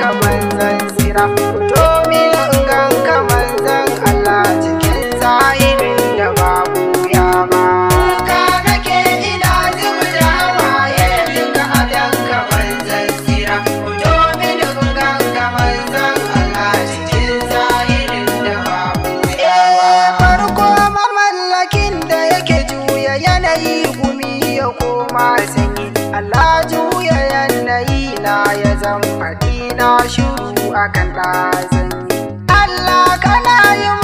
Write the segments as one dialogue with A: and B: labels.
A: kamar zansira fito na shuku akan ɗazin Allah kana yin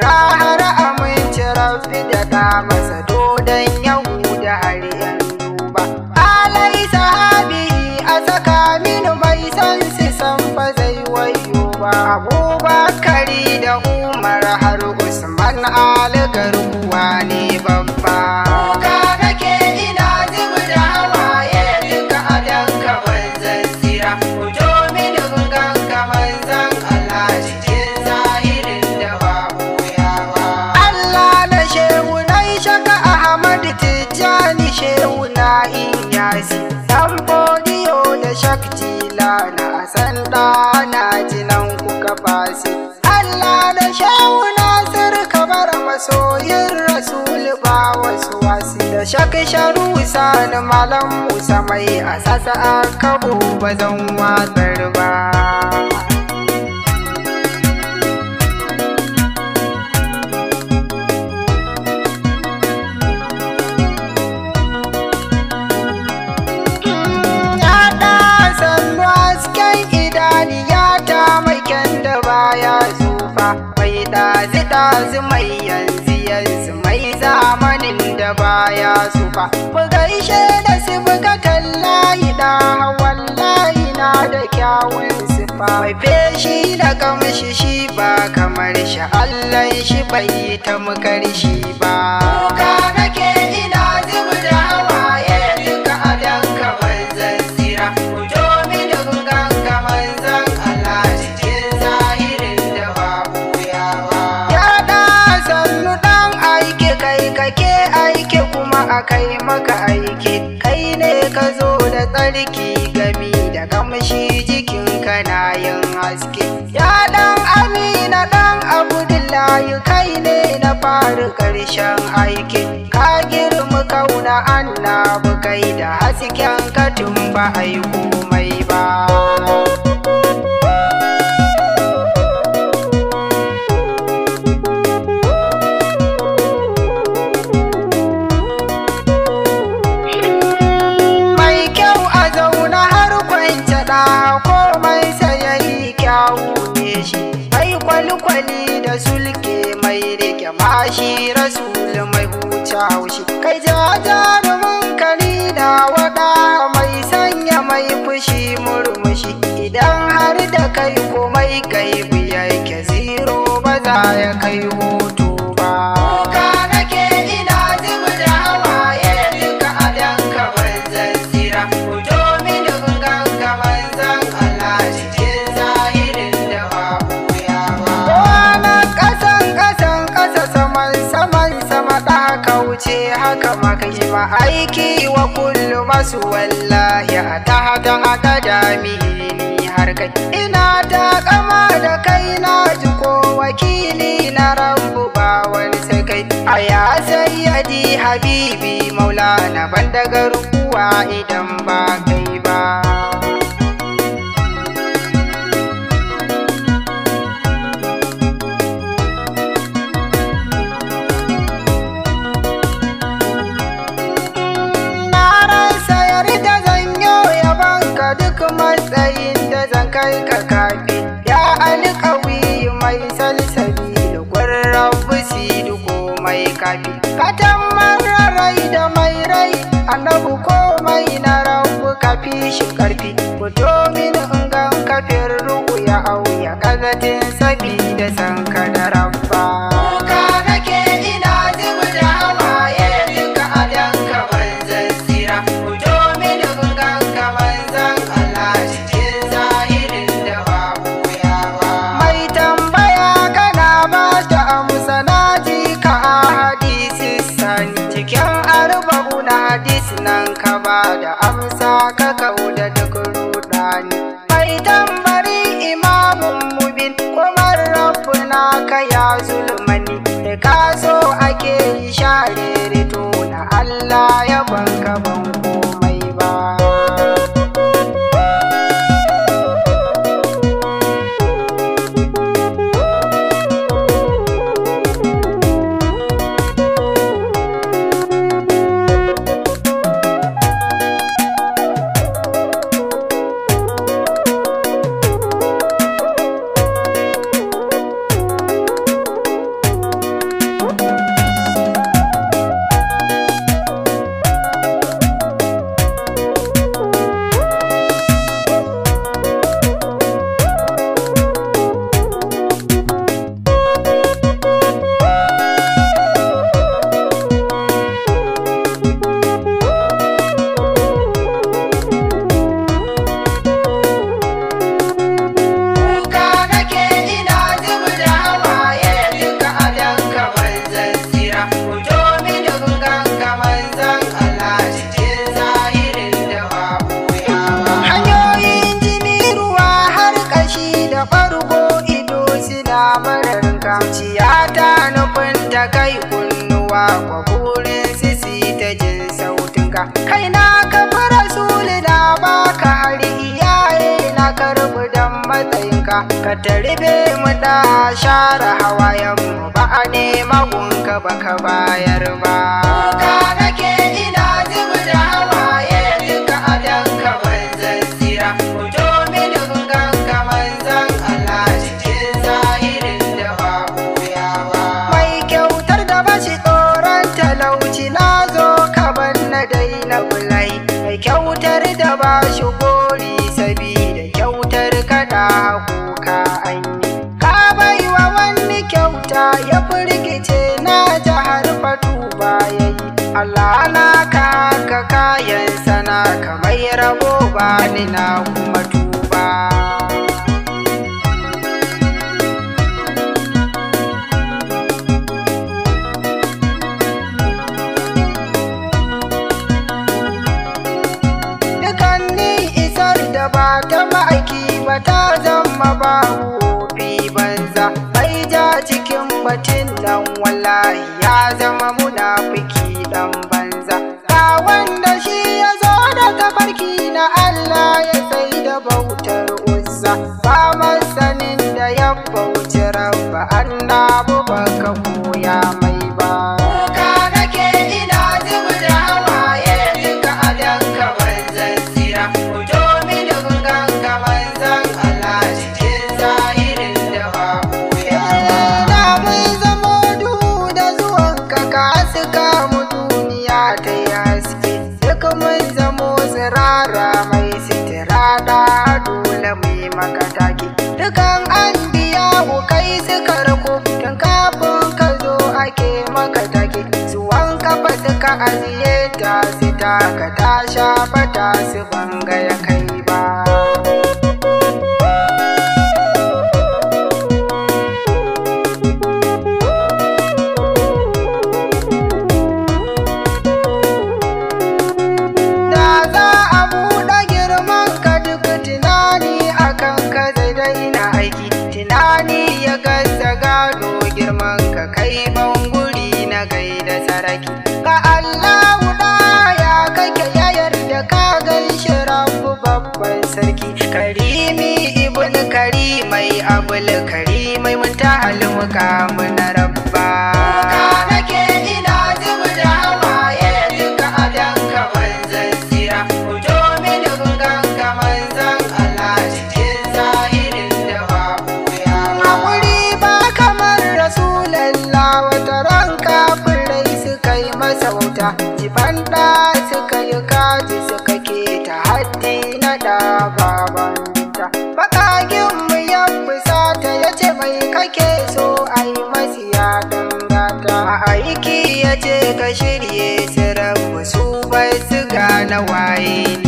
A: Rana. shehu na inyasi dan bodiyo da shakti lana san na jinan ka fasi Allah da shehu nasir kamar masoyin rasul ba wasu wasi da shakki sharu sani malam musa mai asasa kabu bazan watsar ba mai da kamshi shi ba kamar shi Allah shi bai ta mukar shi ba kuka nake ina zubu da hawaye duka adan ka banzan sira fito min gangan ka manzan cikin zahirin da ba buyawa ya da sannu dan aike kai kake aike kuma akai maka aiki, kai ne ka zo da tsarki cikin haske ya dan amina dan abdullahi kai ne na fari karshen aiki ka girma kauna annabi kai da hasken katin ba ai komai ba rasul mai huce haushi kai ja jarumin kari na waɗa mai sanya mai fushi murmushi idan har da kai komai kai biya ke ba za ya kai aiki wa kullu masu wallahi a tahata aka dami ni har kai ina ta kama da kai na ji ko wakili na rabu ba wani sai kai a ya sayyadi habibi maulana ban daga idan ba mai kakafi ya alƙawi mai salsabi da gwarrar busi ko mai kafi katan mararai da mai rai a annabu komai na rabu kafi shi karfi fito min gan kafin ruku ya auya kazatin sabi da san matsayinka ka taribe mu da share hawayenmu ba a nema gunka ba ka bayar ba Kuka nake ina aiki ba ta zama ba wofi banza mai ja cikin batun nan wallahi ya zama munafiki dan banza ba wanda shi ya zo da tafarki na Allah ya sai da bautar uzza ba masanin da ya bauci ba, annabu baka koya mai karimi ibn karimai abul karimai mutahalin na rabu sabanta baƙaƙin mu ya fusata ya ce mai kake so ayi yi masu ya a aiki ya ka shirye sirar su bai su gane waye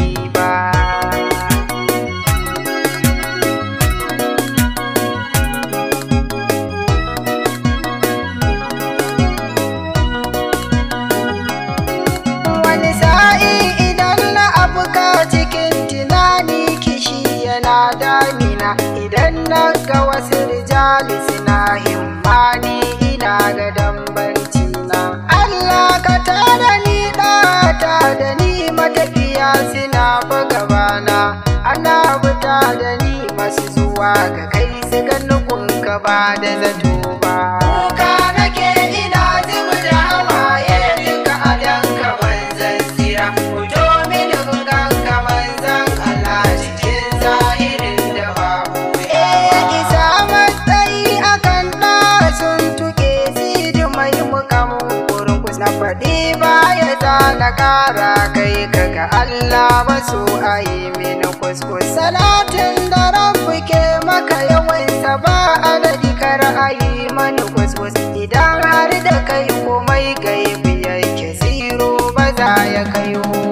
A: wasu rijali suna himmani ga Allah ba su ayi mini kuskus salatin da rafuke ke maka yawansa ba adadi kar ayi mani kuskus idan har da kai komai gaibi ke ziro ba za ya kai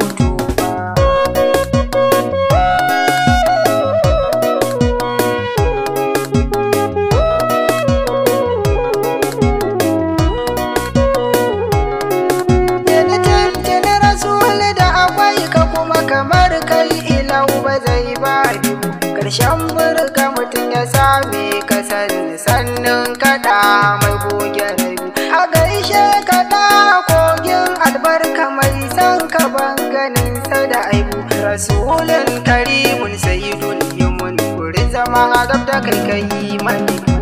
A: ma adabta kai kai mani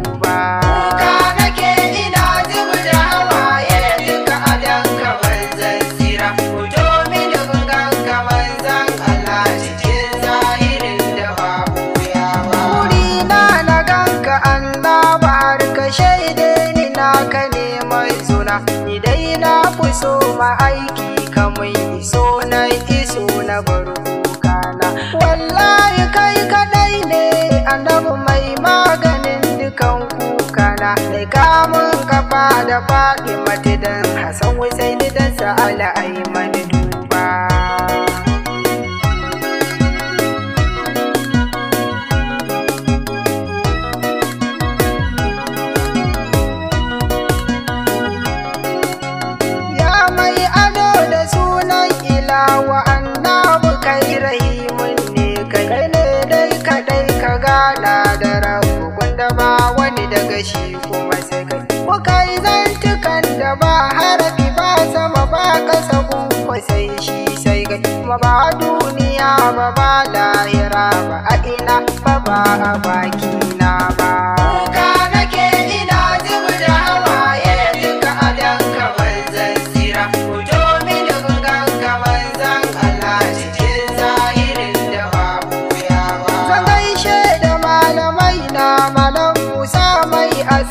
A: Ana da rahu gwanda ba wani daga shi kuma sai kai muka zan zantukan da ba harafi ba sama ba kasa ko sai shi sai kai kuma ba duniya ba ba lahira ba a ina ba ba a baki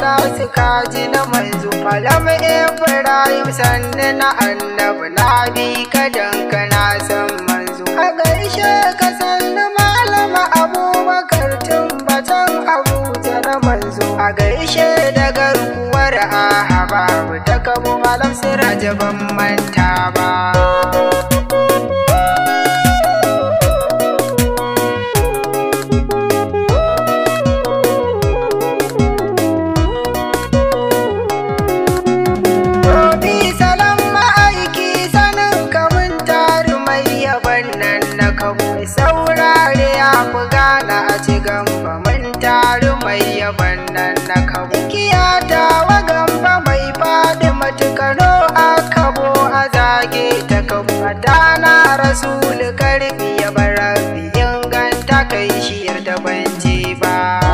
A: salisu kaji na manzo malam ibrahim sannu na annabi na bi ka danka na san manzo a ƙarshe ka sannu malama abubakar tun batan abuja na manzu a gaishe da garkuwar ahaba ta kamo malam sirajaban man sulu karbi ya bar rabbi inganta shi yarda ban ba